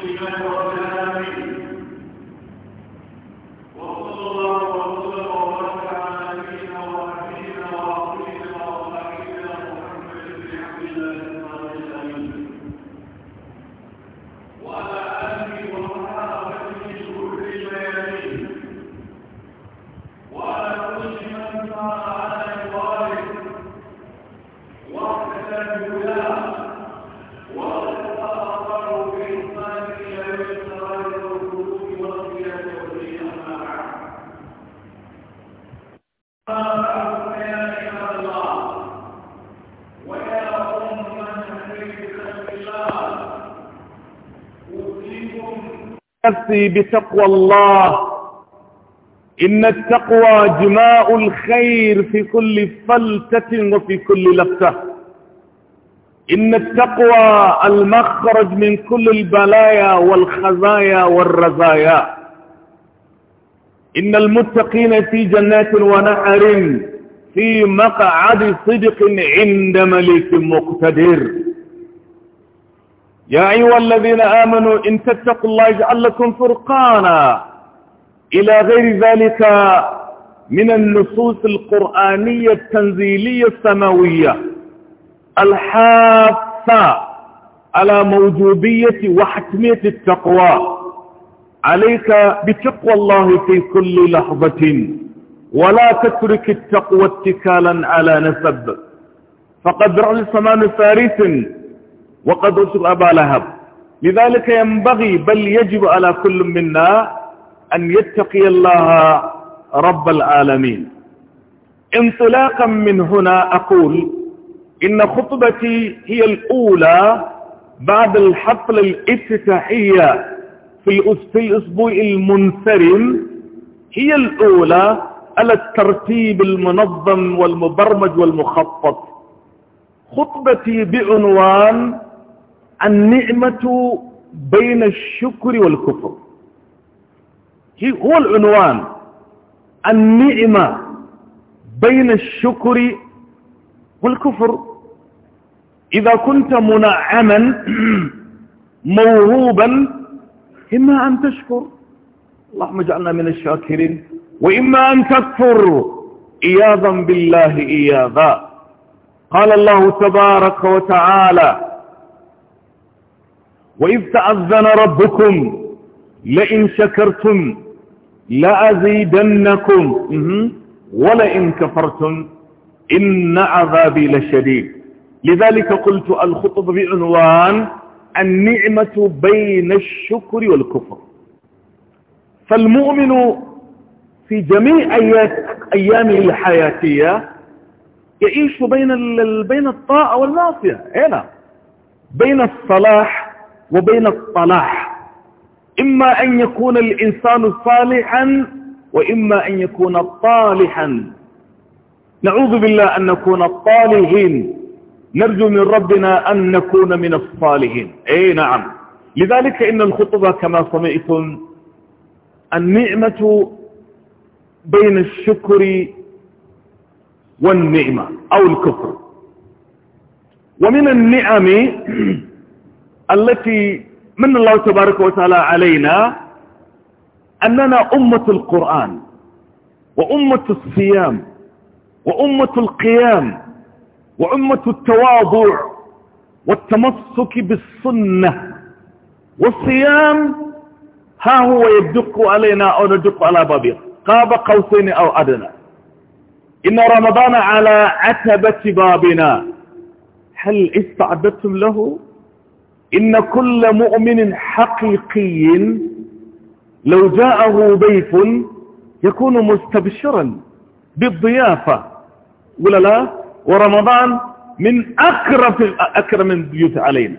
وصلى الله وسلم الله على نفسي بتقوى الله إن التقوى جماء الخير في كل فلتة وفي كل لفتة إن التقوى المخرج من كل البلايا والخزايا والرزايا إن المتقين في جنات ونحر في مقعد صدق عند مليك مقتدر يا أيها الذين آمنوا إن تتقوا الله يجعل لكم فرقانا إلى غير ذلك من النصوص القرآنية التنزيلية السماوية الحافة على موجودية وحتمية التقوى عليك بتقوى الله في كل لحظة ولا تترك التقوى اتكالا على نسب فقد رأى السمان فارس وقد رسل أبا لهب لذلك ينبغي بل يجب على كل منا أن يتقي الله رب العالمين انطلاقا من هنا أقول إن خطبتي هي الأولى بعد الحفل الافتتاحية في الأسبوع المنثرم هي الأولى على الترتيب المنظم والمبرمج والمخطط خطبتي بعنوان النعمة بين الشكر والكفر هو العنوان النعمة بين الشكر والكفر إذا كنت منعما موهوبا إما أن تشكر اللهم اجعلنا من الشاكرين وإما أن تكفر إياذا بالله إياذا قال الله تبارك وتعالى وإذ تأذن ربكم لئن شكرتم لأزيدنكم ولئن كفرتم إن عذابي لشديد لذلك قلت الخطب بعنوان النعمة بين الشكر والكفر فالمؤمن في جميع أيامه الحياتية يعيش بين بين الطاعة والمعصية هنا بين الصلاح وبين الصلاح إما أن يكون الإنسان صالحا وإما أن يكون طالحا نعوذ بالله أن نكون الطالحين نرجو من ربنا أن نكون من الصالحين أي نعم لذلك إن الخطبة كما سمعتم النعمة بين الشكر والنعمة أو الكفر ومن النعم التي من الله تبارك وتعالى علينا أننا أمة القرآن وأمة الصيام وأمة القيام وأمة التواضع والتمسك بالسنة والصيام ها هو يدق علينا أو ندق على بابه قاب قوسين أو أدنى إن رمضان على عتبة بابنا هل استعددتم له؟ إن كل مؤمن حقيقي لو جاءه ضيف يكون مستبشرا بالضيافة ولا لا ورمضان من أكرم أكرم البيوت علينا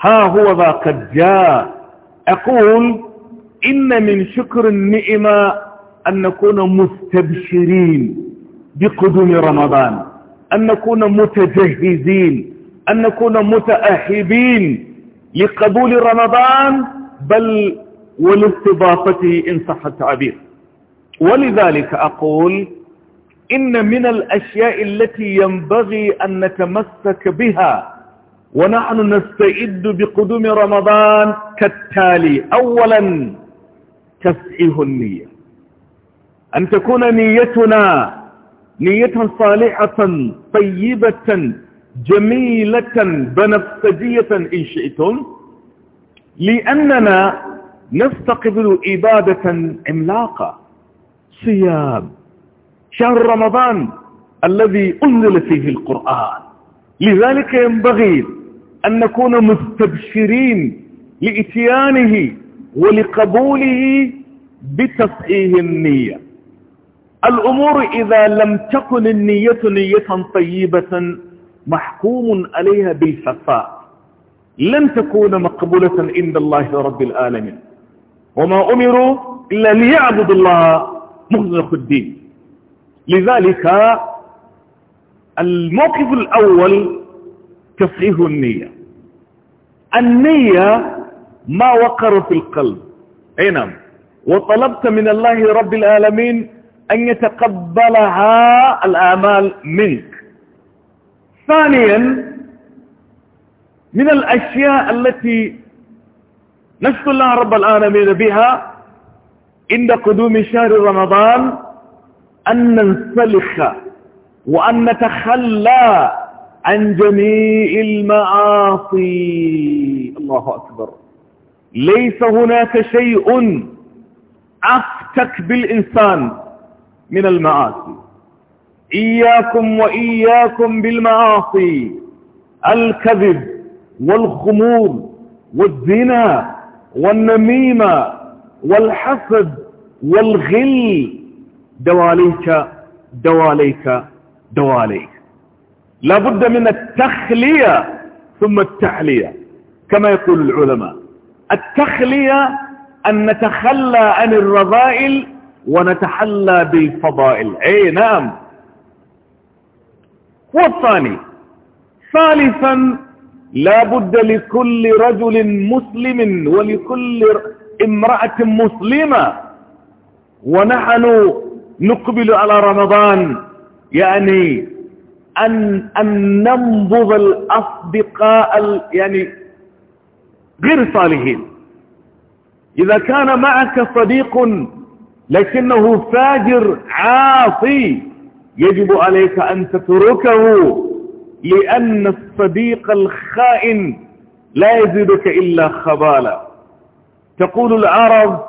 ها هو ذا قد جاء أقول إن من شكر النعمة أن نكون مستبشرين بقدوم رمضان أن نكون متجهزين أن نكون متأهبين لقبول رمضان بل ولاستضافته إن صح التعبير ولذلك أقول إن من الأشياء التي ينبغي أن نتمسك بها ونحن نستعد بقدوم رمضان كالتالي أولا تسعيه النية أن تكون نيتنا نية صالحة طيبة جميلة بنفسجية إن شئتم لأننا نستقبل إبادة عملاقة صيام شهر رمضان الذي أنزل فيه القرآن لذلك ينبغي أن نكون مستبشرين لإتيانه ولقبوله بتصحيح النية الأمور إذا لم تكن النية نية طيبة محكوم عليها بالفساد لن تكون مقبولة عند الله رب العالمين وما أمروا إلا ليعبدوا الله مخلص الدين لذلك الموقف الأول تصحيح النية النية ما وقر في القلب أي نعم وطلبت من الله رب العالمين أن يتقبلها الأعمال منك ثانيا من الأشياء التي نشكر الله رب العالمين بها عند قدوم شهر رمضان أن ننسلخ وأن نتخلى عن جميع المعاصي الله أكبر ليس هناك شيء أفتك بالإنسان من المعاصي إياكم وإياكم بالمعاصي الكذب والخمور والزنا والنميمة والحسد والغل دواليك دواليك دواليك لابد من التخلية ثم التحلية كما يقول العلماء التخلية أن نتخلى عن الرذائل ونتحلى بالفضائل أي نعم والثاني ثالثا لا بد لكل رجل مسلم ولكل امرأة مسلمة ونحن نقبل على رمضان يعني أن, أن ننبض الأصدقاء يعني غير صالحين إذا كان معك صديق لكنه فاجر عاصي يجب عليك أن تتركه لأن الصديق الخائن لا يزيدك إلا خبالا تقول العرب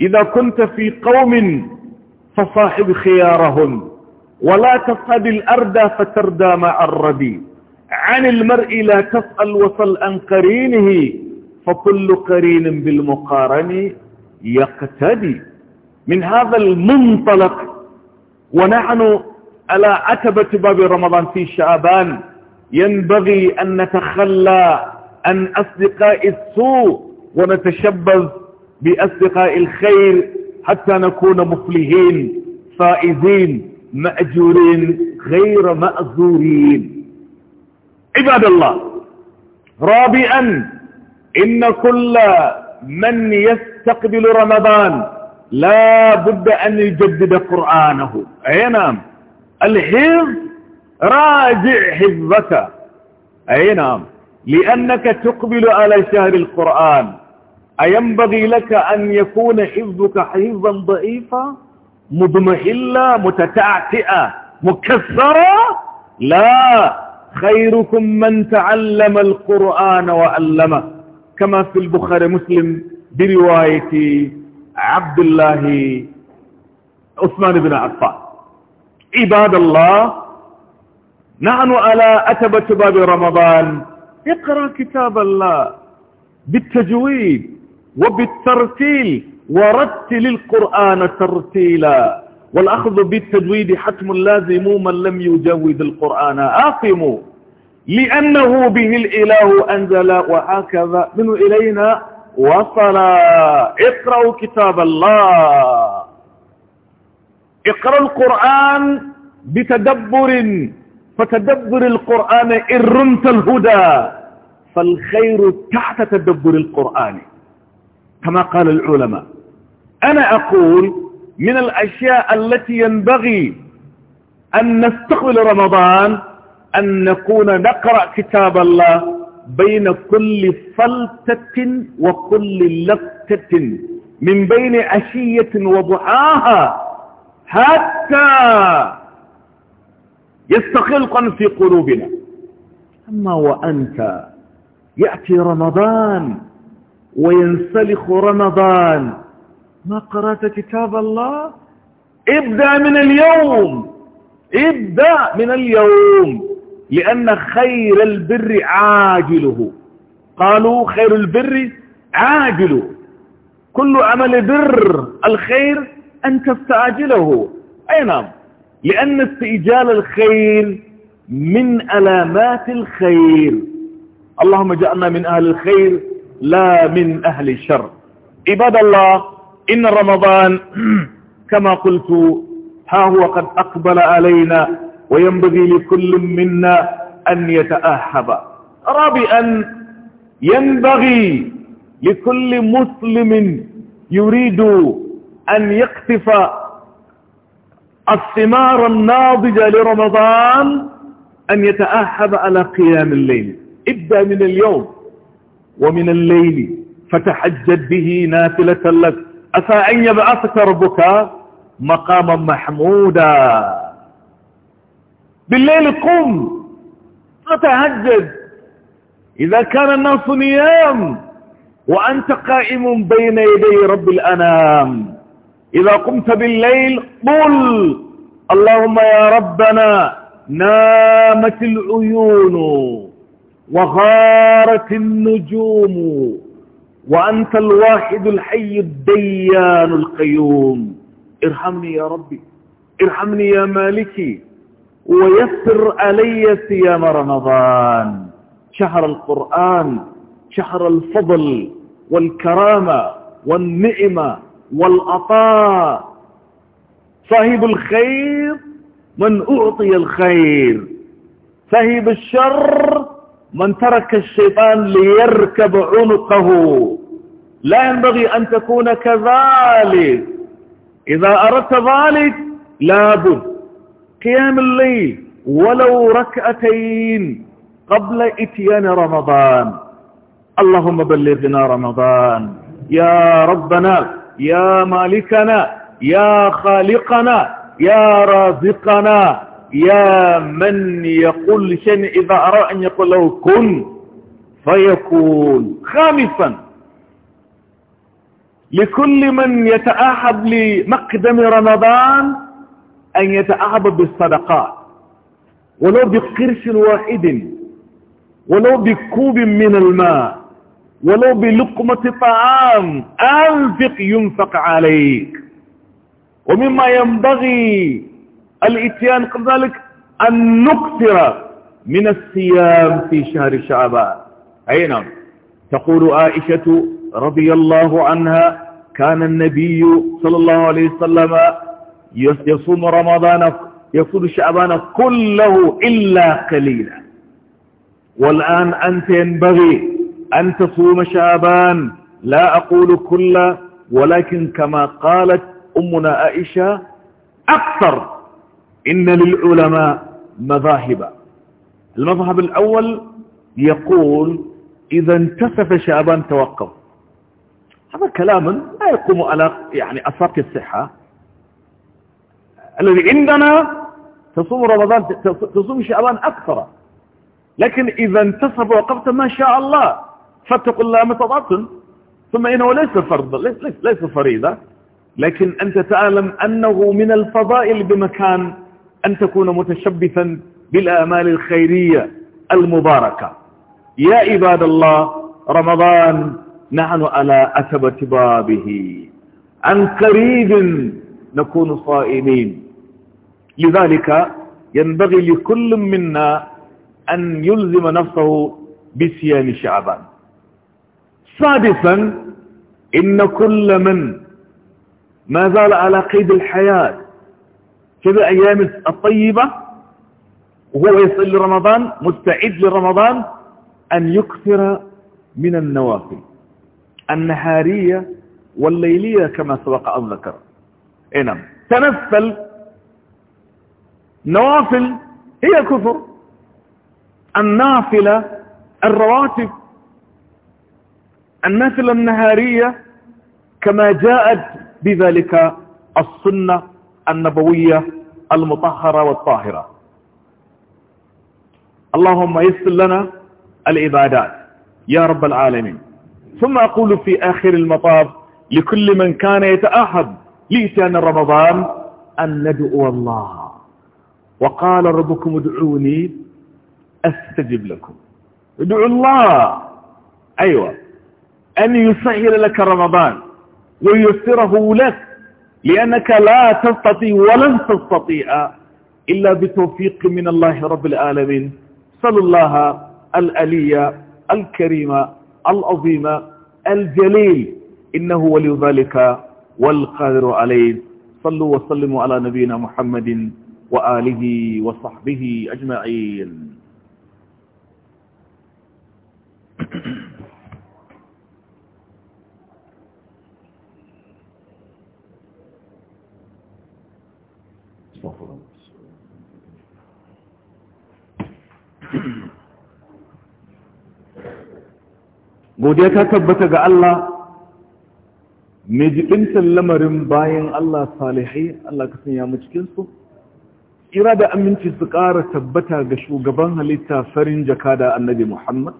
إذا كنت في قوم فصاحب خيارهم ولا تصعد الأردى فتردى مع الردي عن المرء لا تسأل وصل عن قرينه فكل قرين بالمقارن يقتدي من هذا المنطلق ونحن على عتبة باب رمضان في شعبان ينبغي أن نتخلى عن أصدقاء السوء ونتشبث بأصدقاء الخير حتى نكون مفلحين فائزين مأجورين غير مأزورين عباد الله رابعا إن كل من يستقبل رمضان لا بد أن يجدد قرآنه أي نعم الحفظ راجع حفظك أي نعم لأنك تقبل على شهر القرآن أينبغي لك أن يكون حفظك حفظا ضعيفا مضمحلا متتعتئا مكسرا لا خيركم من تعلم القرآن وعلمه كما في البخاري مسلم برواية عبد الله عثمان بن عفان عباد الله نحن على أتبة باب رمضان اقرأ كتاب الله بالتجويد وبالترتيل ورتل القرآن ترتيلا والأخذ بالتجويد حتم لازم من لم يجود القرآن آقم لأنه به الإله أنزل وهكذا من إلينا وصل اقرأوا كتاب الله اقرأ القرآن بتدبر فتدبر القرآن إن رمت الهدى فالخير تحت تدبر القرآن كما قال العلماء أنا أقول من الأشياء التي ينبغي أن نستقبل رمضان أن نكون نقرأ كتاب الله بين كل فلتة وكل لفتة من بين عشية وضحاها حتى يستخلقا في قلوبنا أما وأنت يأتي رمضان وينسلخ رمضان ما قرأت كتاب الله ابدأ من اليوم ابدأ من اليوم لأن خير البر عاجله قالوا خير البر عاجله كل عمل بر الخير أن تستعجله أي نعم لأن استئجال الخير من ألامات الخير اللهم جعلنا من أهل الخير لا من أهل الشر عباد الله إن رمضان كما قلت ها هو قد أقبل علينا وينبغي لكل منا أن يتأهب رابعا ينبغي لكل مسلم يريد أن يقطف الثمار الناضجة لرمضان أن يتأهب على قيام الليل ابدأ من اليوم ومن الليل فتحجد به نافلة لك أسى أن يبعثك ربك مقاما محمودا بالليل قم فتهجد إذا كان الناس نيام وأنت قائم بين يدي رب الأنام إذا قمت بالليل قل اللهم يا ربنا نامت العيون وغارت النجوم وأنت الواحد الحي الديان القيوم ارحمني يا ربي ارحمني يا مالكي ويسر علي صيام رمضان شهر القرآن شهر الفضل والكرامة والنعمة والعطاء صاحب الخير من أعطي الخير صاحب الشر من ترك الشيطان ليركب عنقه لا ينبغي أن تكون كذلك إذا أردت ذلك لابد قيام الليل ولو ركعتين قبل اتيان رمضان اللهم بلغنا رمضان يا ربنا يا مالكنا يا خالقنا يا رازقنا يا من يقول شن إذا أرى أن يقول له كن فيكون خامسا لكل من يتأهب لمقدم رمضان أن يتأهب بالصدقات ولو بقرش واحد ولو بكوب من الماء ولو بلقمة طعام أنفق ينفق عليك ومما ينبغي الاتيان قبل ذلك أن نكثر من الصيام في شهر شعبان أي نعم تقول عائشة رضي الله عنها كان النبي صلى الله عليه وسلم يصوم رمضان يصوم شعبان كله إلا قليلا والآن أنت ينبغي أن تصوم شعبان لا أقول كل ولكن كما قالت أمنا عائشة أكثر إن للعلماء مذاهب المذهب الأول يقول إذا انتصف شعبان توقف هذا كلام لا يقوم على يعني أساق الصحة الذي عندنا تصوم رمضان تصوم شعبان أكثر لكن إذا انتصف وقفت ما شاء الله فاتقوا الله ما استطعتم ثم إنه ليس فرض ليس, ليس, ليس فريضة لكن أنت تعلم أنه من الفضائل بمكان أن تكون متشبثا بالآمال الخيرية المباركة يا عباد الله رمضان نحن على أثبة بابه عن قريب نكون صائمين لذلك ينبغي لكل منا أن يلزم نفسه بصيام شعبان سادسا إن كل من ما زال على قيد الحياة في الأيام الطيبة وهو يصل لرمضان مستعد لرمضان أن يكثر من النوافل النهارية والليلية كما سبق أن ذكر نعم تنفل نوافل هي كثر النافلة الرواتب النافلة النهارية كما جاءت بذلك السنة النبوية المطهرة والطاهرة اللهم يسر لنا العبادات يا رب العالمين ثم أقول في آخر المطاف لكل من كان يتأهب لشان رمضان أن ندعو الله وقال ربكم ادعوني أستجب لكم ادعوا الله أيوة أن يسهل لك رمضان ويسره لك لأنك لا تستطيع ولن تستطيع إلا بتوفيق من الله رب العالمين صلى الله الألي الكريم العظيم الجليل إنه ولي ذلك والقادر عليه صلوا وسلموا على نبينا محمد وآله وصحبه أجمعين godiya ta tabbata ga Allah mai jibintar lamarin bayan Allah salihai Allah ka sanya mu cikinsu Ira da aminci su ƙara tabbata ga shugaban halitta farin jaka da annabi Muhammad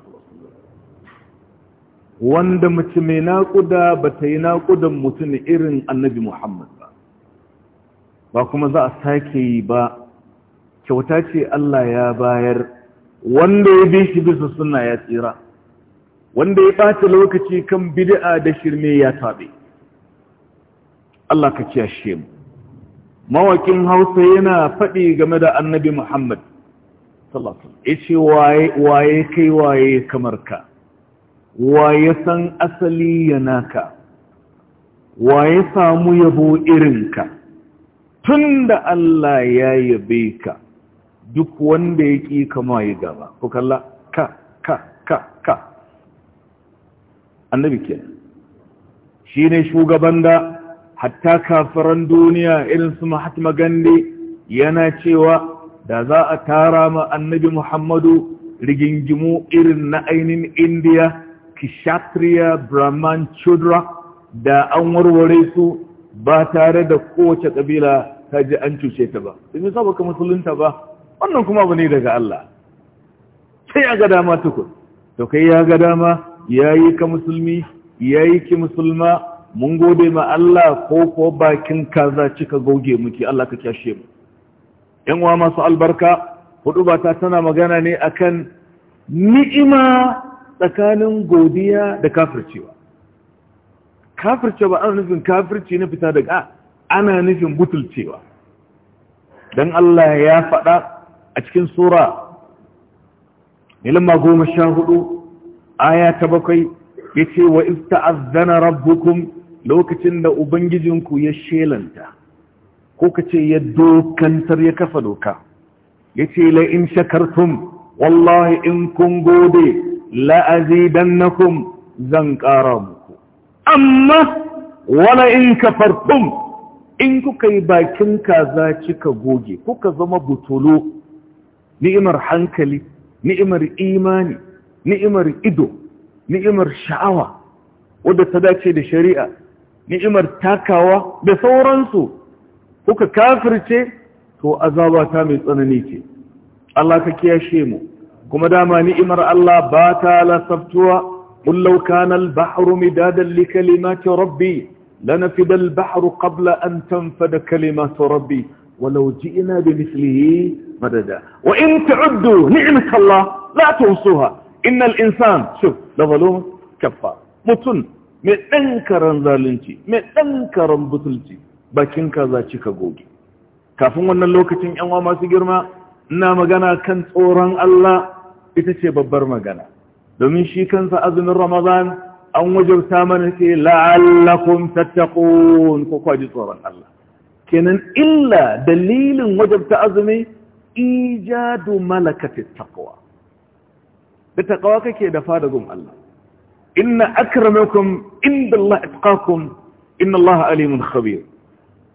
wanda mace mai naƙuda ba ta yi naƙudan mutum irin annabi Muhammad ba ba kuma za a sake yi ba kyauta ce Allah ya bayar wanda ya bi shi bisa suna ya tsira wanda ya ɓata lokaci kan bid'a da shirme ya taɓe Allah ka kiyashe mu mawakin Hausa yana faɗi game da Annabi Muhammad Ya ce waye kai waye kamar ka waye san asali naka waye samu yabo irinka da Allah ya yabe ka duk wanda ya ƙi kama ya gaba ko kalla ka ka ka ka annabi ke shi ne shugaban da hatta kafaran duniya irin su mahatma gandhi yana cewa da za a tara ma annabi muhammadu rigingimu irin na ainihin indiya kishatriya brahman chudra da an warware su ba tare da kowace ƙabila ta ji an cuce ta ba. Ibi sa baka musulunta ba, wannan kuma abu ne daga Allah sai ya ga dama tukun to kai ya ga dama yi ka musulmi ya yi ki musulma mun gode ma Allah ko ko bakin kaza cika goge miki Allah ka kyashe mu yan uwa masu albarka hudu ba ta tana magana ne akan ni'ima tsakanin godiya da kafircewa kafirce ba ana nufin kafirci na fita daga ana nufin butulcewa don Allah ya faɗa a cikin sura ilma goma sha hudu aya ta bakwai ya ce wa azana rabbukum lokacin da ubangijinku ya shelanta ko ka ce ya dokantar ya kafa doka ya ce la'in shakartum wallahi in kun gode la'azi kun zan ƙara muku amma wala in kafartum in kuka yi bakin kaza kika goge kuka zama butulu ni'imar hankali ni'imar imani ni'imar ido ni'imar sha'awa wadda ta dace da shari'a ni'imar takawa da sauransu kuka kafirce to azaba ta mai tsanani ce Allah ka kiyashe mu kuma dama ni'imar Allah ba ta lasaftuwa قل لو كان البحر مدادا لكلمات ربي لنفد البحر قبل أن تنفد كلمات ربي ولو جئنا بمثله madada wa in ta'uddu ni'in kalla la tuhsuha innal insan shuf la zalum kaffa mutun mai dankaran zalunci mai dankaran butulci bakin ka za ka goge kafin wannan lokacin yan masu girma ina magana kan tsoron Allah ita ce babbar magana domin shi kansa azumin Ramadan an wajabta mana ce la'allakum tattaqun ko kwaji tsoron Allah kenan illa dalilin wajabta azumi إيجاد ملكة التقوى بتقوى كي دفادكم الله إن أكرمكم إن الله اتقاكم إن الله أليم خبير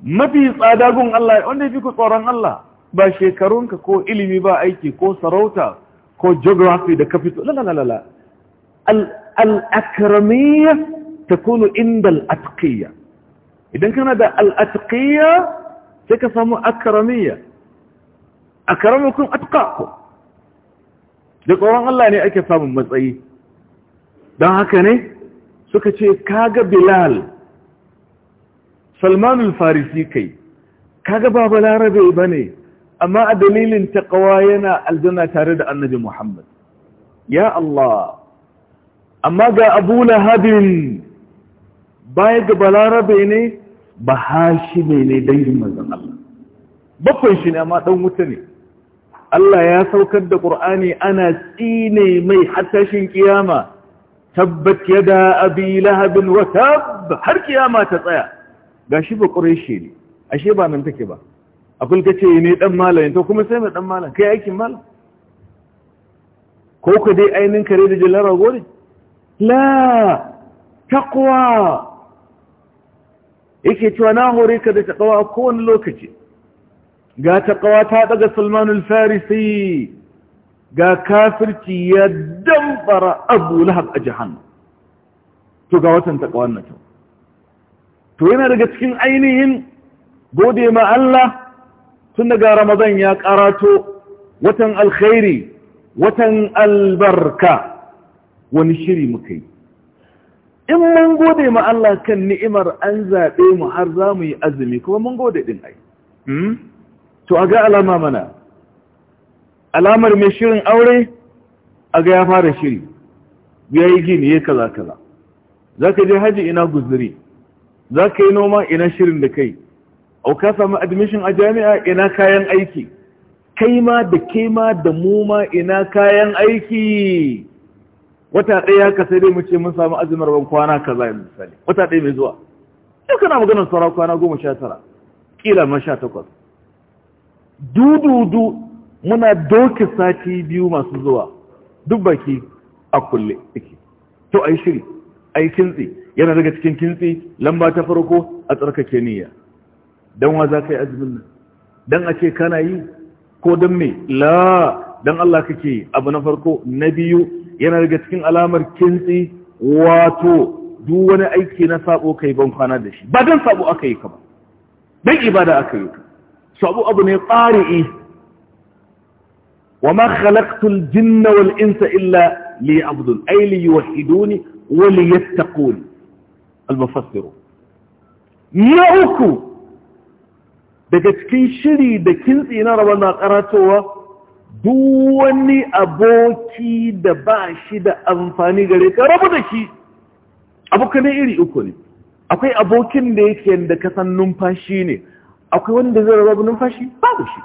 ما في صاداكم الله وانا في قرآن الله باشيكرون كو إلمي با أيكي كو سروتا كو جغرافي دا كفيتو لا لا لا لا ال الأكرمية تكون عند الأتقية إذا كان هذا الأتقية تكسم أكرمية A akramukum ko. da tsoron Allah ne ake samun matsayi don haka ne suka ce kaga bilal salmanul farisi kai kaga ba balarabe ba ne amma a dalilin ta taƙawa yana aljanna tare da annabi muhammad ya Allah amma ga abu lahabin baya ga balarabe ne ba hashi ne ne dangin mazan Allah bakwai shi ne amma ɗan wuta ne Allah ya saukar da ƙur'ani ana tsine mai hattashin kiyama tabbat yada abi lahabin wa tab har kiyama ta tsaya gashi ba ƙureshi ne ashe ba nan take ba akul kace ne dan malamin to kuma sai mai dan malam kai aikin malam ko ku dai ainin kare da jallara gore la taqwa yake cewa na hore ka da taqwa kowane lokaci ga taƙawa ta daga salmanul farisi ga kafirci ya damfara abu lahab a jihannu to ga watan taƙawar na kyau to yana daga cikin ainihin gode ma Allah tun daga ramadan ya karato watan alkhairi watan albarka wani shiri muka yi in mun gode ma Allah kan ni'imar an zaɓe mu har za mu yi azumi kuma mun gode ɗin ai hmm? to a ga alama mana alamar mai shirin aure a ga ya fara shiri ya yi gini ya kaza kaza za ka je haji ina guzuri za ka yi noma ina shirin da kai au ka samu admission a jami'a ina kayan aiki kai ma da ke da mu ina kayan aiki wata ɗaya ka sai dai mu ce mun samu azumar ban kwana kaza yanzu misali wata ɗaya mai zuwa yau kana maganar saura kwana goma sha tara kila ma sha takwas dududu muna doki sati biyu masu zuwa duk baki a kulle ake to ai shiri ai kintsi yana daga cikin kintsi lamba ta farko a tsarkake niyya dan wa za ka yi azumin nan dan a ce kana yi ko dan me la dan Allah kake abu na farko na biyu yana daga cikin alamar kintsi wato duk wani aiki na sabo kai ban kwana da shi ba dan sabo aka yi ka ba dan ibada aka yi ka sabu abu ne ƙari'i wa ma khalaqtul jinna wal insa illa li abdun ay li yuwahhiduni wa li yattaqun al na uku daga cikin shiri da kintsi na rabon na karatowa duk wani aboki da ba shi da amfani gare ka rabu da shi abokanai iri uku ne akwai abokin da yake da kasan numfashi ne akwai wanda zai rabu numfashi babu shi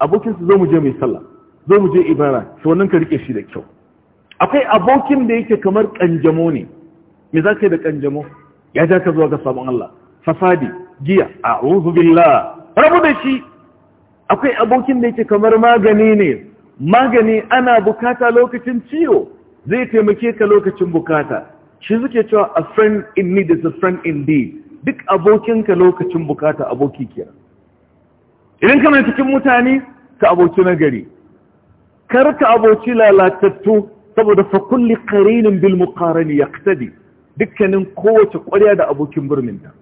abokin su zo mu je mai sallah zo mu je ibara to wannan ka rike shi da kyau akwai abokin da yake kamar kanjamo ne me za ka yi da kanjamo ya ja ka zuwa ga sabon Allah fasadi giya a'udhu billah rabu da shi akwai abokin da yake kamar magani ne magani ana bukata lokacin ciwo zai taimake ka lokacin bukata shi suke cewa a friend in need is a friend indeed duk abokinka lokacin bukata aboki kira idan kana cikin mutane ka aboki nagari kar ka aboki lalatattu saboda fa kulli qarinin bil muqarani yaqtadi dukkanin kowace ƙwarya da abokin birninta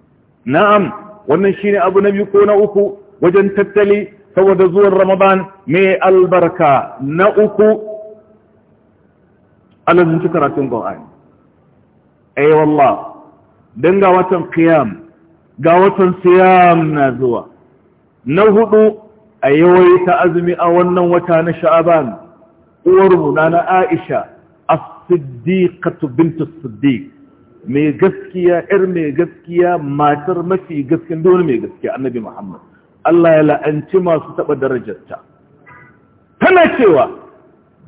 na'am wannan shine abu na biyu ko na uku wajen tattali saboda zuwan ramadan mai albarka na uku alazunci karatun qur'ani ay wallah don ga watan qiyam ga watan siyam na zuwa na hudu a yawaita azumi a wannan wata na sha'aban Uwar na na aisha as-siddiqatu bint as-siddiq mai gaskiya ‘yar mai gaskiya matar mafi gaskin dole mai gaskiya annabi Muhammad. Allah ya la'anci masu taɓa darajarta. Tana cewa,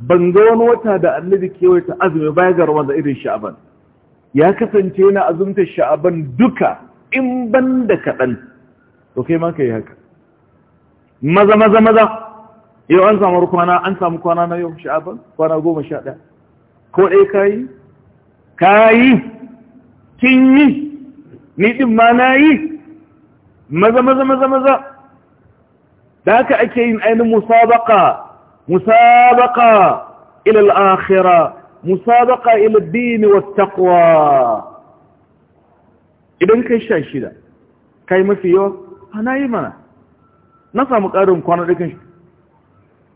ban ga wani wata da annabi kewaye ta azumi baya ga Ramadan irin sha'aban. ya kasance yana azumta sha'aban duka in ban da kaɗan to kai ma ka yi haka maza maza maza yau an samu kwana an samu kwana na yau sha'aban kwana goma sha ɗaya ko ɗaya ka yi ka yi kin yi ni ɗin ma na yi maza maza maza maza da haka ake yin ainihin musabaka musabaka ilal akhira musabaka ila dini wa taqwa idan kai sha shida kai mafi yawa ana yi mana na samu ƙarin kwana ɗakin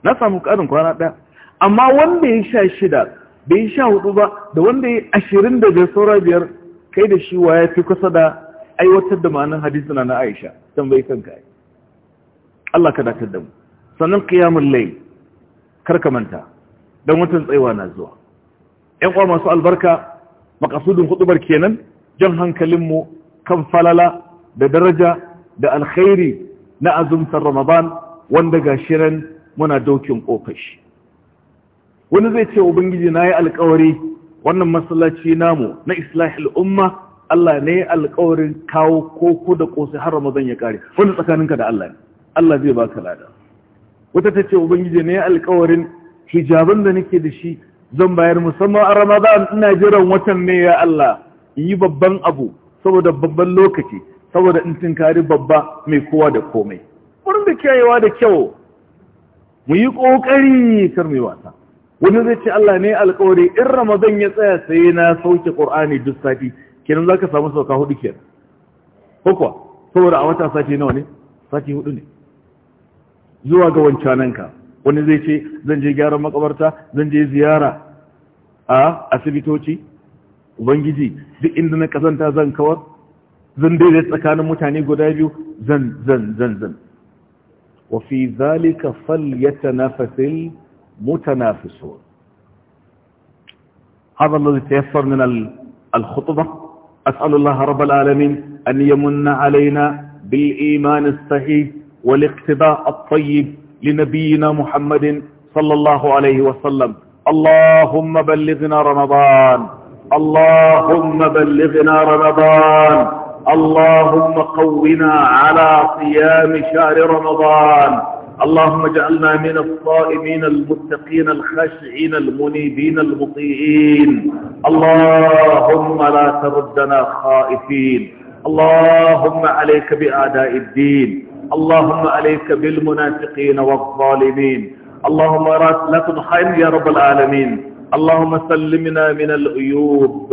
na samu ƙarin kwana ɗaya amma wanda ya sha shida bai sha hudu ba da wanda ya ashirin da biyar saura biyar kai da shi wa ya fi kusa da aiwatar da ma'anin hadisi na Aisha tambayi kanka ai Allah ka dakatar da mu sannan qiyamul layl karka manta dan watan tsaiwa na zuwa ‘yan kwa masu albarka makasudin hudubar kenan jan hankalinmu kan falala da daraja da alkhairi na azumtar ramadan wanda ga shirin muna dokin kofashi wani zai ce ubangiji na yi alkawari wannan masallaci namu na islahil umma Allah ne alkawarin kawo koko da ƙosai har ramadan ya kare wani tsakaninka da Allah ne Allah zai baka lada wata ta ce ubangiji ne alkawarin hijaban da nake da shi zan bayar musamman a ramadan ina jiran watan ne ya Allah yi babban abu saboda babban lokaci saboda in kari babba mai kowa da komai wurin da kyayewa da kyau mu yi kokari kar mai wasa wani zai ce Allah ne alkawari in ramadan ya tsaya sai na sauke qur'ani duk sati kenan zaka samu sauka hudu kenan ko kuwa saboda a wata sati nawa ne sati hudu ne zuwa ga wancananka wani zai ce zan je gyara makabarta zan je ziyara a asibitoci ubangiji duk inda na kazanta zan kawar zan daidai tsakanin mutane guda biyu zan zan zan zan wa fi zalika fal falyatanafasil mutanafisun هذا الذي تيسر من الخطبة أسأل الله رب العالمين أن يمن علينا بالإيمان الصحيح والاقتداء الطيب لنبينا محمد صلى الله عليه وسلم اللهم بلغنا رمضان اللهم بلغنا رمضان اللهم قونا على صيام شهر رمضان اللهم اجعلنا من الصائمين المتقين الخاشعين المنيبين المطيعين اللهم لا تردنا خائفين اللهم عليك بأعداء الدين اللهم عليك بالمنافقين والظالمين اللهم لا تنحن يا رب العالمين اللهم سلمنا من العيوب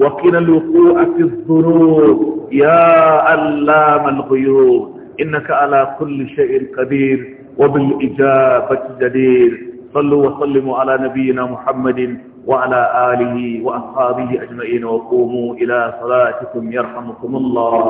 وقنا الوقوع في الظروف يا علام الغيوب إنك على كل شيء قدير وبالإجابة جدير صلوا وسلموا على نبينا محمد وعلى آله وأصحابه أجمعين وقوموا إلى صلاتكم يرحمكم الله